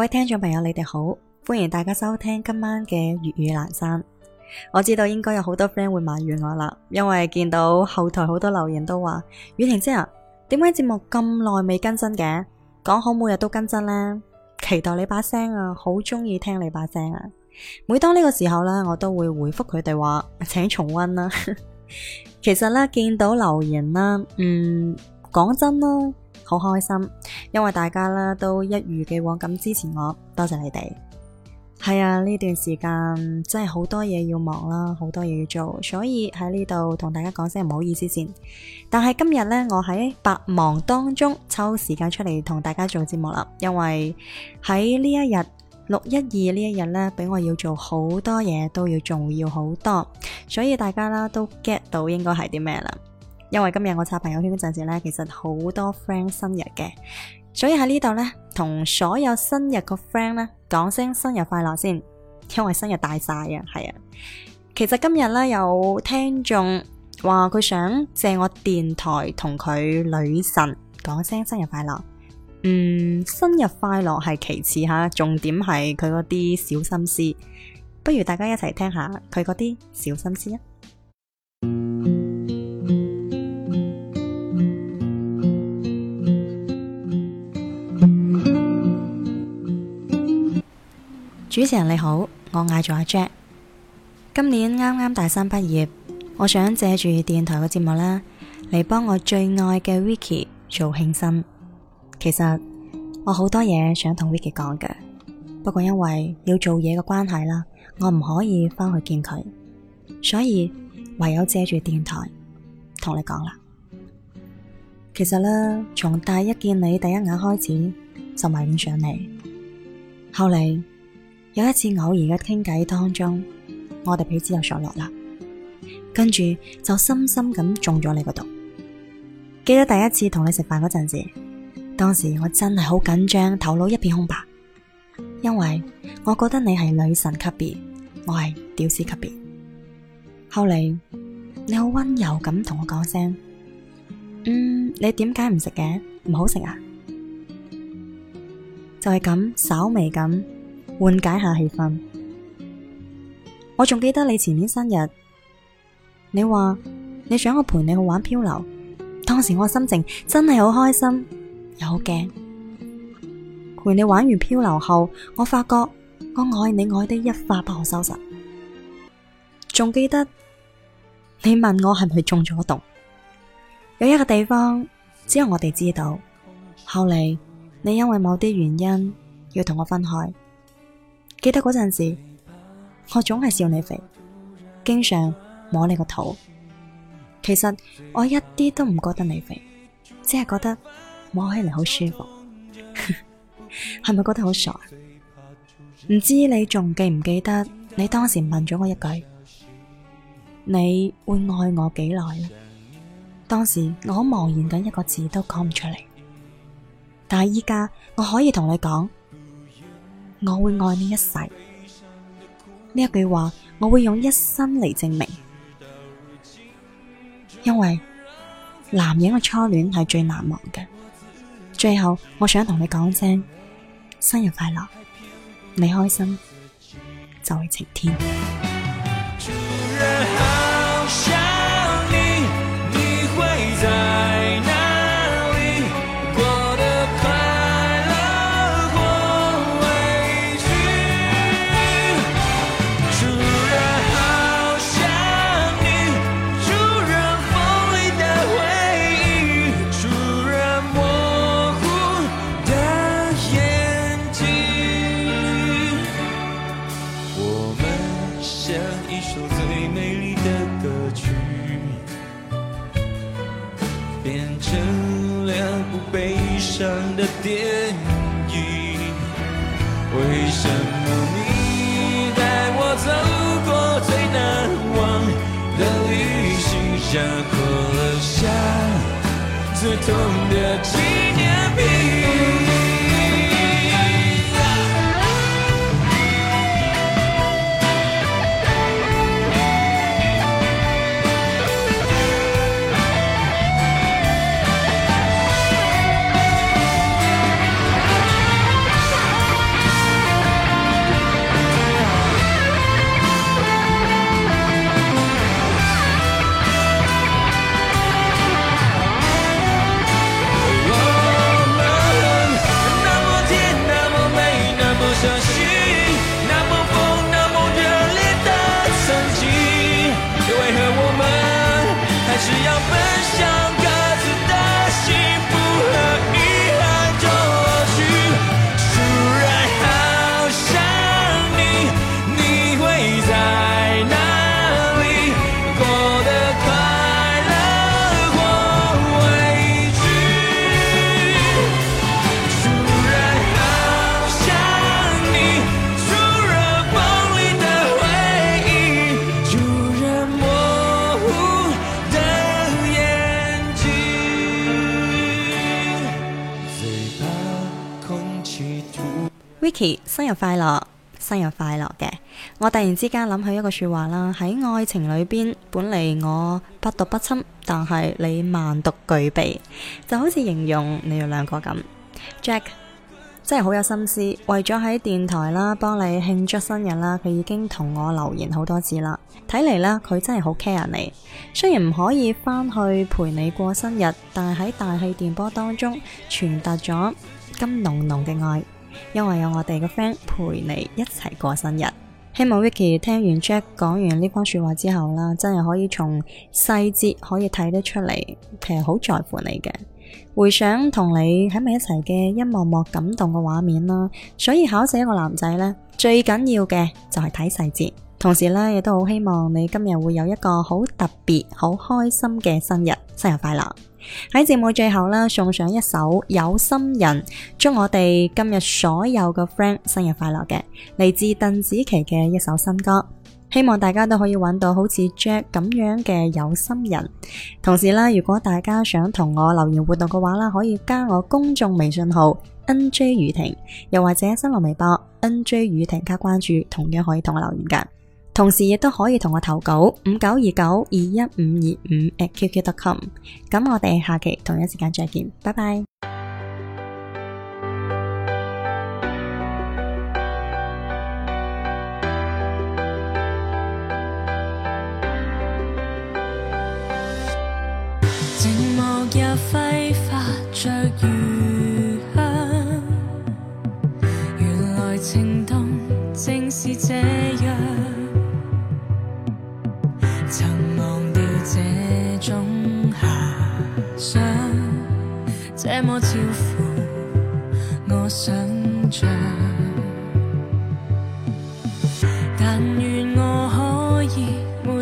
各位聽眾朋友，你哋好，歡迎大家收聽今晚嘅粵語闌珊。我知道應該有好多 friend 會埋怨我啦，因為見到後台好多留言都話：宇婷姐啊，點解節目咁耐未更新嘅？講好每日都更新呢，期待你把聲啊，好中意聽你把聲啊。每當呢個時候咧，我都會回覆佢哋話，請重温啦、啊。 其實咧，見到留言啦，嗯。講真啦，好開心，因為大家啦都一如既往咁支持我，多謝你哋。係啊，呢段時間真係好多嘢要忙啦，好多嘢要做，所以喺呢度同大家講聲唔好意思先。但係今日呢，我喺百忙當中抽時間出嚟同大家做節目啦，因為喺呢一日六一二呢一日呢，俾我要做好多嘢都要重要好多，所以大家啦都 get 到應該係啲咩啦。因為今日我刷朋友圈嘅陣時咧，其實好多 friend 生日嘅，所以喺呢度咧，同所有生日個 friend 咧講聲生日快樂先。因為生日大晒啊，係啊。其實今日咧有聽眾話佢想借我電台同佢女神講聲生日快樂。嗯，生日快樂係其次吓，重點係佢嗰啲小心思。不如大家一齊聽下佢嗰啲小心思啊！主持人你好，我嗌咗阿 Jack。今年啱啱大三畢業，我想借住電台嘅節目啦，嚟幫我最愛嘅 Vicky 做慶生。其實我好多嘢想同 Vicky 講嘅，不過因為要做嘢嘅關係啦，我唔可以翻去見佢，所以唯有借住電台同你講啦。其實咧，從大一見你第一眼開始，就迷上你。後嚟，有一次偶然嘅傾偈當中，我哋彼此熟落咗啦，跟住就深深咁中咗你個毒。記得第一次同你食飯嗰陣時，當時我真係好緊張，頭腦一片空白，因為我覺得你係女神級別，我係屌絲級別。後嚟你好溫柔咁同我講聲：嗯，你點解唔食嘅？唔好食啊！就係咁，稍微咁。緩解下氣氛，我仲記得你前年生日，你話你想我陪你去玩漂流，當時我心情真係好開心，又好驚。陪你玩完漂流後，我發覺我愛你愛得一發不可收拾。仲記得你問我係唔係中咗毒，有一個地方只有我哋知道。後嚟你因為某啲原因要同我分開。記得嗰陣時，我總係笑你肥，經常摸你個肚。其實我一啲都唔覺得你肥，只係覺得摸起嚟好舒服。係 咪覺得好傻啊？唔知你仲記唔記得你當時問咗我一句：你會愛我幾耐呢？當時我好茫然緊一個字都講唔出嚟，但係依家我可以同你講。我會愛你一世，呢一句話我會用一生嚟證明。因為男人嘅初戀係最難忘嘅。最後，我想同你講聲生日快樂，你開心就會晴天。兩部悲傷的電影，為什麼你帶我走過最難忘的旅行，然後留下最痛的記憶。琪，Vicky，生日快樂，生日快樂嘅。我突然之間諗起一個說話啦，喺愛情裏邊，本嚟我百毒不侵，但係你萬毒俱備，就好似形容你哋兩個咁。Jack 真係好有心思，為咗喺電台啦，幫你慶祝生日啦，佢已經同我留言好多次啦。睇嚟啦，佢真係好 care 你。雖然唔可以翻去陪你過生日，但係喺大氣電波當中傳達咗咁濃濃嘅愛。因為有我哋個 friend 陪你一齊過生日，希望 Vicky 聽完 Jack 講完呢番說話之後啦，真係可以從細節可以睇得出嚟，其實好在乎你嘅。回想同你喺埋一齊嘅一幕幕感動嘅畫面啦，所以考識一個男仔咧，最緊要嘅就係睇細節。同時咧，亦都好希望你今日會有一個好特別、好開心嘅生日，生日快樂！喺節目最後啦，送上一首有心人，祝我哋今日所有嘅 friend 生日快樂嘅，嚟自鄧紫棋嘅一首新歌。希望大家都可以揾到好似 Jack 咁樣嘅有心人。同時啦，如果大家想同我留言活動嘅話啦，可以加我公眾微信號 NJ 宇婷，又或者新浪微博 NJ 宇婷加關注，同樣可以同我留言噶。同時亦都可以同我投稿，五九二九二一五二五 at qq.com，咁我哋下期同一時間再見，拜拜。